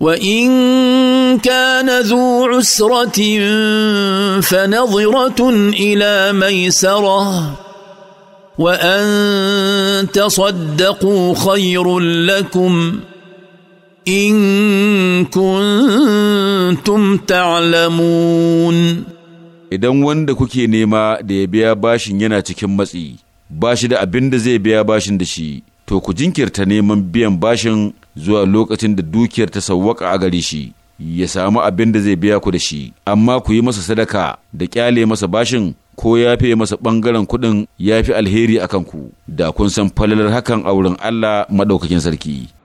وان كان ذو عسره فنظره الى ميسره وان تصدقوا خير لكم ان كنتم تعلمون idan wanda kuke nema da ya biya bashin yana cikin matsi bashi da abin da zai biya bashin da shi to ku jinkirta neman biyan bashin zuwa lokacin da dukiyar ta sawwaka a gare shi ya samu abin da zai biya ku da shi amma ku yi masa sadaka da kyale masa bashin ko ya fi masa ɓangaren kuɗin ya fi alheri a kanku da kun san falalar hakan a wurin Allah maɗaukakin sarki